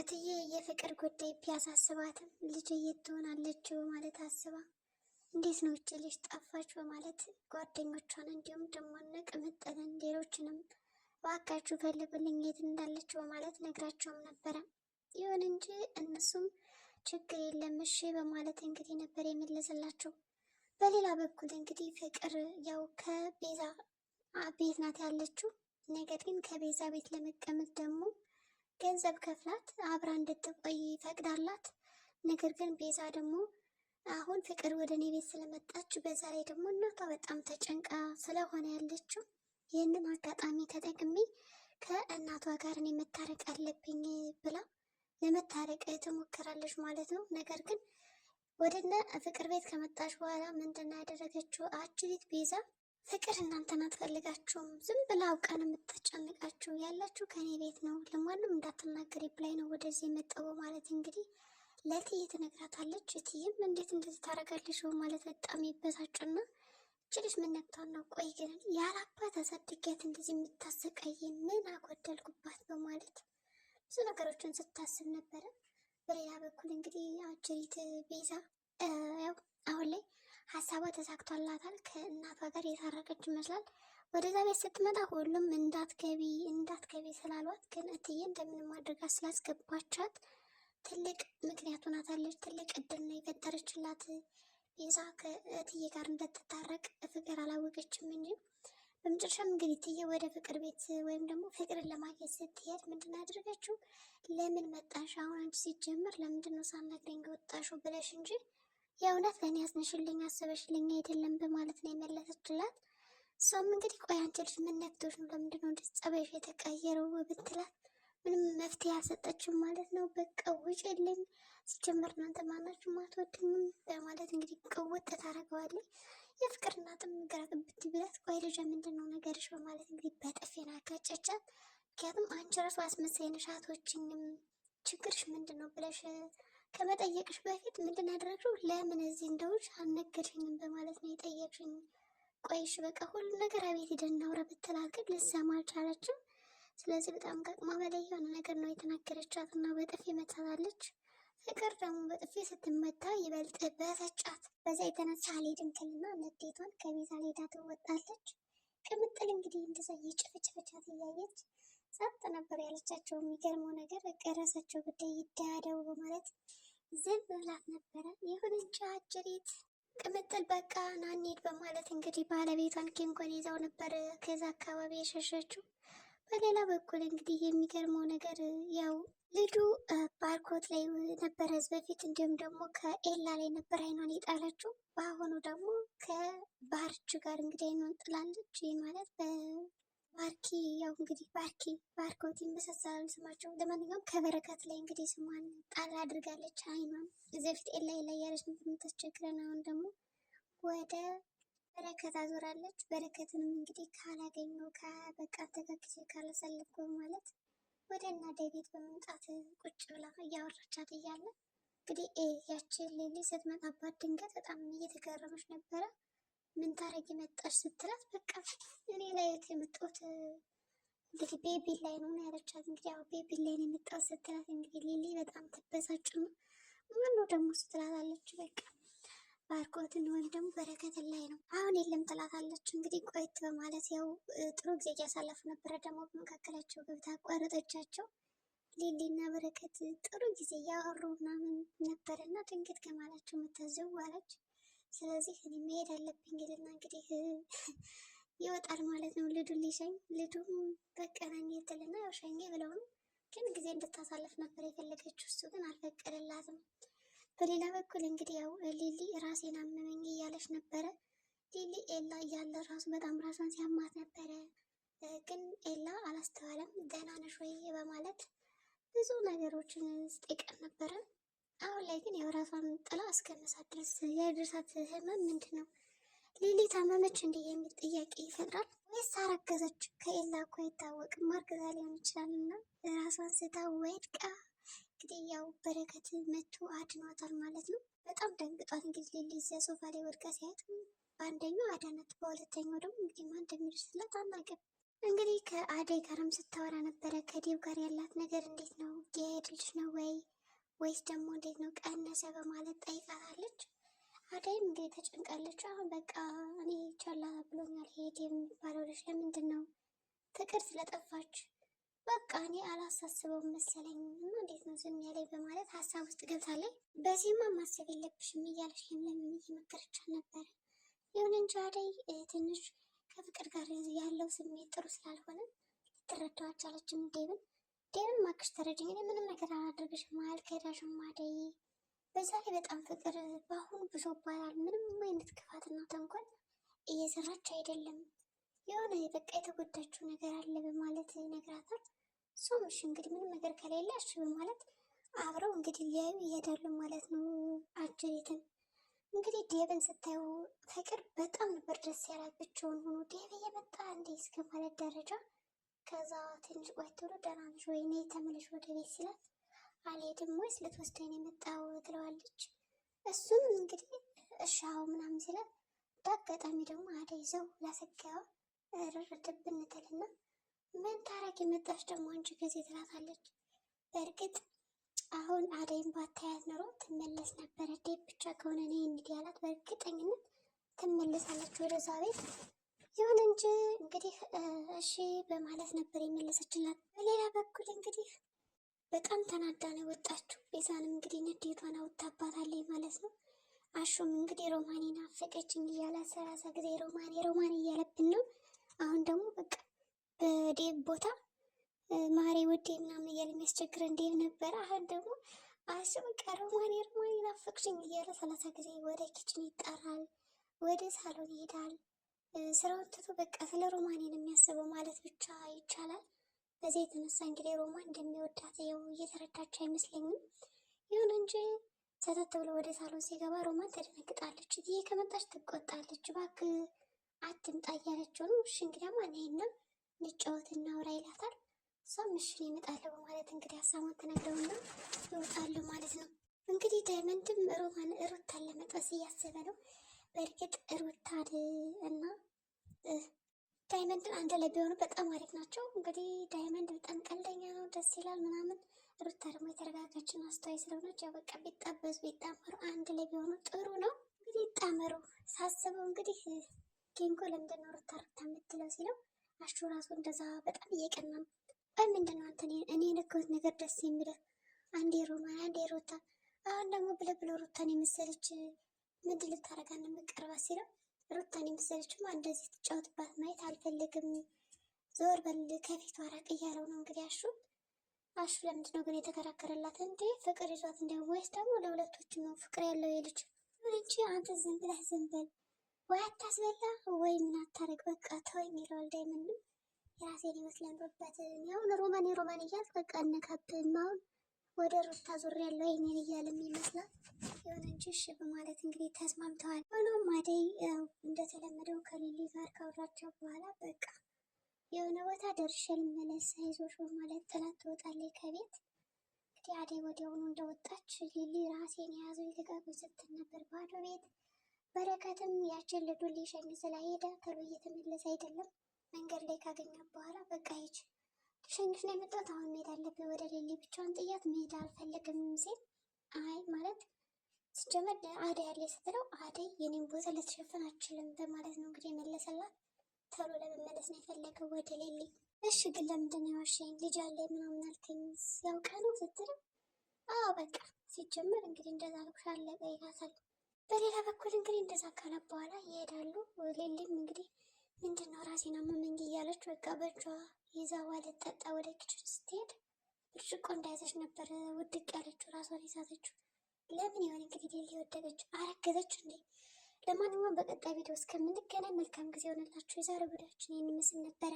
እትዬ የፍቅር ጉዳይ ቢያሳስባትም ልጅ የት ትሆናለች በማለት አስባ እንዴት ነው እች ልጅ ጠፋች በማለት ጓደኞቿን እንዲሁም ደግሞ ቅምጥልን ሌሎችንም በአካችሁ ፈልጉልኝ የት እንዳለች በማለት ነግራቸውም ነበረ። ይሁን እንጂ እነሱም ችግር የለም እሺ በማለት እንግዲህ ነበር የመለሰላቸው። በሌላ በኩል እንግዲህ ፍቅር ያው ከቤዛ ቤት ናት ያለችው። ነገር ግን ከቤዛ ቤት ለመቀመጥ ደግሞ ገንዘብ ከፍላት አብራ እንድትቆይ ፈቅዳላት። ነገር ግን ቤዛ ደግሞ አሁን ፍቅር ወደ እኔ ቤት ስለመጣች በዛ ላይ ደግሞ እናቷ በጣም ተጨንቃ ስለሆነ ያለችው ይህንን አጋጣሚ ተጠቅሜ ከእናቷ ጋር እኔ መታረቅ አለብኝ ብላ ለመታረቅ ትሞክራለች ማለት ነው። ነገር ግን ወደነ ፍቅር ቤት ከመጣች በኋላ ምንድን ነው ያደረገችው? አችቤት ቤዛ ፍቅር እናንተን አትፈልጋችሁም። ዝም ብላ አውቃን የምትጨንቃችሁ ያላችሁ ከኔ ቤት ነው፣ ለማንም እንዳትናገሪ ብላኝ ነው ወደዚህ የመጣው ማለት እንግዲህ ለእትዬ ትነግራታለች። እትዬም እንዴት እንደዚህ ታደርጋለች ማለት በጣም ይበሳጭና ችልሽ ምነግቷን ነው። ቆይ ግን ያላባት አሳድጊያት እንደዚህ የምታሰቃይ ምን አጎደልኩባት በማለት ብዙ ነገሮችን ስታስብ ነበረ። በሌላ በኩል እንግዲህ አጀሪት ቤዛ ያው አሁን ላይ ሀሳቧ ተሳክቷላታል። ከእናቷ ጋር የታረቀች ይመስላል። ወደዛ ቤት ስትመጣ ሁሉም እንዳትገቢ እንዳትገቢ ስላሏት ግን እትዬ እንደምንም አድርጋ ስላስገባቻት ትልቅ ምክንያቱ ሆናታለች። ትልቅ እድል ነው የፈጠረችላት። ቤዛ ከእትዬ ጋር እንደትታረቅ ፍቅር አላወቀችም እንጂ በመጨረሻም እንግዲህ እትዬ ወደ ፍቅር ቤት ወይም ደግሞ ፍቅርን ለማግኘት ስትሄድ ምንድን ያደረገችው ለምን መጣሽ? አሁን አንቺ ሲጀምር ለምንድን ነው ሳናግረኝ ወጣሽው ብለሽ እንጂ የእውነት ለእኔ ያዝንሽልኝ አስበሽልኝ አይደለም በማለት ነው የመለሰችላት። እሷም እንግዲህ ቆይ አንቺ ልጅ ምን ነክቶሽ ነው? ለምንድን ነው እንደዚህ ጸባይሽ የተቀየረው? ብትላት ምንም መፍትሄ አልሰጠችም ማለት ነው። በቃ ውጭልኝ፣ ሲጀምር እናንተ ማናችሁ ማትወድኝም በማለት እንግዲህ ቅውጥ ታደርገዋለች። የፍቅር እናትም ግራ ግብት ብላት ቆይ ልጅ ምንድን ነው ነገርሽ? በማለት እንግዲህ በጥፊ ናካጨቻት። ምክንያቱም አንቺ ራሱ አስመሳይ ነሽ፣ አትወጂኝም፣ ችግርሽ ምንድን ነው ብለሽ ከመጠየቅሽ በፊት ምንድን ያደረግሽው? ለምን እዚህ እንደውልሽ አልነገርሽኝም በማለት ነው የጠየቅሽኝ። ቆይሽ በቃ ሁሉ ነገር አቤት ሂደን እናውራ ብትላት ግን ልትሰማ አልቻለችም። ስለዚህ በጣም ቀቅማ በላይ የሆነ ነገር ነው የተናገረቻት እና በጥፊ መታታለች። ፍቅር ደግሞ በጥፊ ስትመታ ይበልጥ በሰጫት። በዛ የተነሳ አልሄድም ትልና ንዴቷን ከቤዛ ሌዳ ትወጣለች። ቅምጥል እንግዲህ እንደዛ የጭፍጭፍቻት እያየች ጸጥ ነበር ያለቻቸው። የሚገርመው ነገር የራሳቸው ጉዳይ ይደያደቡ በማለት ዝም ብላት ነበረ። ይሁን እንጂ አጭሪት ቅምጥል በቃ ናኔድ በማለት እንግዲህ ባለቤቷን ኬንኮን ይዘው ነበር ከዛ አካባቢ የሸሸችው። በሌላ በኩል እንግዲህ የሚገርመው ነገር ያው ልዱ ባርኮት ላይ ነበረ በፊት እንዲሁም ደግሞ ከኤላ ላይ ነበር አይኗን የጣለችው። በአሁኑ ደግሞ ከባርች ጋር እንግዲህ አይኗን ጥላለች ማለት ባርኪ ያው እንግዲህ ባርኪ ባርኮት ይመሳሰላሉ ስማቸው። ለማንኛውም ከበረከት ላይ እንግዲህ ስሟን ጣል አድርጋለች። ሃይማም እዚህ በፊት ኤላ ኤላ እያለች የምታስቸግረን፣ አሁን ደግሞ ወደ በረከት አዞራለች። በረከትንም እንግዲህ ካላገኘው ከበቃ ተከክሴ ካላሳለፍኩ ማለት ወደ እናቴ ቤት በመምጣት ቁጭ ብላ እያወራቻት እያለ እንግዲህ ያችን ሌሊ ስትመጣባት ድንገት በጣም እየተገረመች ነበረ። ምን ታረጊ መጣሽ ስትላት በቃ እኔ ላይ የመጣሁት እንግዲህ ቤቢ ላይ ነው ያለቻት። እንግዲህ ያው ቤቢ ላይ ነው የመጣሁት ስትላት እንግዲህ ሊሊ በጣም ትበሳጭ ነው። ምን ምኑ ደግሞ ስትላታለች በቃ ባርኮትን ወይም ደግሞ በረከት ላይ ነው አሁን የለም ትላታለች። እንግዲህ ቆይት በማለት ያው ጥሩ ጊዜ እያሳለፉ ነበረ። ደግሞ በመካከላቸው ገብታ አቋረጠቻቸው። ሊሊና በረከት ጥሩ ጊዜ እያወሩ ምናምን ነበረና ድንገት ከማላቸው መታዘዋለች። ስለዚህ እኔ መሄድ አለብኝ ይልና እንግዲህ ይወጣል ማለት ነው። ልዱ ሊሸኝ ልዱም በቀናኝ ትልና ያው ሸኝ ብለውም ግን ጊዜ እንድታሳልፍ ነበር የፈለገችው። እሱ ግን አልፈቀደላትም። በሌላ በኩል እንግዲህ ያው ሊሊ ራሴን አመመኝ እያለች ነበረ። ሊሊ ኤላ እያለ ራሱ በጣም ራሷን ሲያማት ነበረ። ግን ኤላ አላስተዋለም። ደህና ነሽ ወይ በማለት ብዙ ነገሮችን ስጠይቀን ነበረ። አሁን ላይ ግን የወራቷን ጥላ እስከመሳት ድረስ ያደረሳት ህመም ምንድን ነው? ሊሊ ታመመች እንዲህ የሚል ጥያቄ ይፈጥራል። ወይስ አረገዘች? ከኤላ እኮ አይታወቅም። ማርገዛ ሊሆን ይችላል እና ራሷን ስታ ወድቃ እንግዲህ ያው በረከት መቶ አድኗታል ማለት ነው። በጣም ደንግጧት እንግዲህ ሊሊ እዚያ ሶፋ ላይ ወድቃ ሲያት በአንደኛው አዳናት፣ በሁለተኛው ደግሞ እንግዲህ ማን እንደሚደርስላት አናውቅም። እንግዲህ ከአደይ ጋርም ስታወራ ነበረ። ከዲብ ጋር ያላት ነገር እንዴት ነው? የሄድ ልጅ ነው ወይ ወይስ ደግሞ እንዴት ነው ቀነሰ በማለት ጠይቃታለች። አደይም እንግዲህ ተጨንቃለች። አሁን በቃ እኔ ቻላ ብሎኛል ሄድ የሚባለው ልጅ ለምንድን ነው ፍቅር ስለጠፋች በቃ እኔ አላሳስበውም መሰለኝ እና እንዴት ነው ዝም ያለኝ በማለት ሀሳብ ውስጥ ገብታለች። በዚህማ ማሰብ የለብሽም እያለች ለምለም እየመከረቻት ነበረ። ይሁን እንጂ አደይ ትንሽ ከፍቅር ጋር ያለው ስሜት ጥሩ ስላልሆነ ልትረዳው አልቻለችም ዴብን ግን እባክሽ ተረጅኝ፣ እኔ ምንም ነገር አላደርግሽም፣ አልከዳሽም አደይ። በዛ ላይ በጣም ፍቅር በአሁኑ ባላል። ምንም አይነት ክፋትና ተንኮል እየሰራች አይደለም፣ የሆነ በቃ የተጎዳችው ነገር አለ በማለት ይነግራታል። እሷም እሺ እንግዲህ ምንም ነገር ከሌለ እሺ በማለት አብረው እንግዲህ ሊያዩ ይሄዳሉ ማለት ነው። አጅሬትን እንግዲህ ዴብን ስታዩ ፍቅር በጣም ነበር ደስ ያላት ብቻውን ሆኖ ዴብ እየመጣ እንዴ እስከ ማለት ደረጃ ከዛ ትንሽ ቆይቶ ደህና ነሽ ወይኔ ተመለሽ ወደ ቤት ሲላት አልሄድም ወይስ ልትወስደኝ የመጣው ትለዋለች። እሱም እንግዲህ እሻው ምናምን ሲላት በአጋጣሚ ደግሞ አደይ ይዘው ላሰጋው ረረድብ እንትልና ምን ታረግ የመጣች ደግሞ አንቺ ጊዜ ትላታለች። በእርግጥ አሁን አደይም ባታያት ኖሮ ትመለስ ነበረ። ዴብ ብቻ ከሆነ እኔ እንዲህ ያላት በእርግጠኝነት ትመለሳለች ወደዛ ቤት። ይሁን እንጂ እንግዲህ እሺ በማለት ነበር የመለሰችላት። በሌላ በኩል እንግዲህ በጣም ተናዳ ነው ወጣችሁ። ቤዛንም እንግዲህ ንዴቷን አውጥታባታለች ማለት ነው። አሹም እንግዲህ ሮማኔን አፈቀችኝ እያለ ሰላሳ ጊዜ ሮማኔ ሮማኔ እያለብን ነው። አሁን ደግሞ በቃ በዴብ ቦታ ማሬ ውዴ ምናምን እያለ የሚያስቸግረን ዴብ ነበረ። አሁን ደግሞ አሹ በቃ ሮማኔ ሮማኔን አፈቅሽኝ እያለ ሰላሳ ጊዜ ወደ ኪችን ይጠራል፣ ወደ ሳሎን ይሄዳል። ስራውን ትቶ በቃ ስለ ሮማን የሚያስበው ማለት ብቻ ይቻላል። በዚህ የተነሳ እንግዲህ ሮማን እንደሚወዳት ያው እየተረዳች አይመስለኝም። ይሁን እንጂ ሰተት ብሎ ወደ ሳሎን ሲገባ ሮማን ተደነግጣለች። ይሄ ከመጣች ትቆጣለች። እባክህ አትምጣ እያለችው ነው። እሺ እንግዲያ ማንና ልጫወት እናውራ ይላታል። እሷም እሺ ይመጣለሁ በማለት እንግዲህ ሀሳቧን ትነግረውና ይወጣሉ ማለት ነው። እንግዲህ ዳይመንድም ሮማን ሩታን ለመጥበስ እያሰበ ነው። በእርግጥ ሩታል እና ዳይመንድን አንድ ላይ ቢሆኑ በጣም አሪፍ ናቸው። እንግዲህ ዳይመንድ በጣም ቀልደኛ ነው፣ ደስ ይላል ምናምን። ሩታ ደግሞ የተረጋጋችን አስተዋይ ስለሆነች ያው በቃ ቢጣበዙ ቢጣመሩ አንድ ላይ ቢሆኑ ጥሩ ነው። እንግዲህ ይጣመሩ ሳስበው እንግዲህ ኬንጎ ለምንድን ነው ሩታ ሩታ የምትለው ሲለው አሹ ራሱ እንደዛ በጣም እየቀና ነው። ወይ ምንድን ነው አንተ እኔ የነገሩት ነገር ደስ የሚለው አንዴ ሮማን አንዴ ሩታ አሁን ደግሞ ብለህ ሩታን የመሰለች ምንድን ልታረጋ ነው የምትቀርባት ሲለው ሩታን የመሰለችማ እንደዚህ ትጫወትባት ማየት አልፈልግም፣ ዞር በል ከፊቷ አራቅ እያለው ነው እንግዲህ አሹ አሹ ለምንድን ነው ግን የተከራከረላት? እንዴ ፍቅር ይዟት እንዲያውም ወይስ ደግሞ ለሁለቶች ነው ፍቅር ያለው የልጅ እንጂ አንተ ዝም ብለህ ዝም በል ወይ አታስበላ ወይ ምን አታረግ በቃ ተው የሚለዋል ዳይመንድም የራሴን ይመስለን ሮበት ያው ሮማን ሮማን እያልክ በቃ እነካብህም አሁን ወደ ሩታ ዙር ያለው አይኔን እያለም ይመስላል። ይሁን እንጂ እሺ በማለት እንግዲህ ተስማምተዋል። ሆኖም አደይ እንደተለመደው ከሌሊ ጋር ካወራቸው በኋላ በቃ የሆነ ቦታ ደርሼ ልመለስ አይዞሽ በማለት ጥላት ትወጣለች ከቤት እንግዲህ አደይ ወዲያውኑ እንደወጣች ሊሊ ራሴን የያዘው ልቀቁኝ ስትል ነበር ባዶ ቤት። በረከትም ያችን ልዱ ሊሸኝ ስለሄደ ቶሎ እየተመለሰ አይደለም መንገድ ላይ ካገኛት በኋላ በቃ ይችል ተሸንፍ ነው የመጣሁት። አሁን መሄድ አለብኝ ወደ ሌሊ። ብቻዋን ጥያት መሄድ አልፈለግም ሲል አይ ማለት ሲጀመር አደይ ያለ ስትለው አደይ የኔን ቦታ ልትሸፍን አችልም በማለት ነው እንግዲህ የመለሰላት። ተሎ ለመመለስ ነው የፈለገው ወደ ሌሊ። እሺ ግን ለምንድን ነው የዋሸኝ? ልጅ አለ ምናምን አልከኝ ያውቃ ነው ስትለው አዎ በቃ ሲጀመር እንግዲህ እንደዛ አልኩሽ አለቀ ይላታል። በሌላ በኩል እንግዲህ እንደዛ ካለ በኋላ ይሄዳሉ። ሌሊም እንግዲህ በቃ በእጇ ይዛ ልጠጣ ወደ ኪችን ስትሄድ ብርጭቆ እንዳያዘች ነበር ውድቅ ያለችው፣ ራሷን የሳተችው። ለምን ይሆን እንግዲህ ሊሊ የወደቀችው? አረገዘች እንዴ? ለማንኛውም በቀጣይ ቪዲዮ እስከምንገናኝ መልካም ጊዜ ሆነላችሁ። የዛሬው ቪዲዮችን ይህን ምስል ነበረ።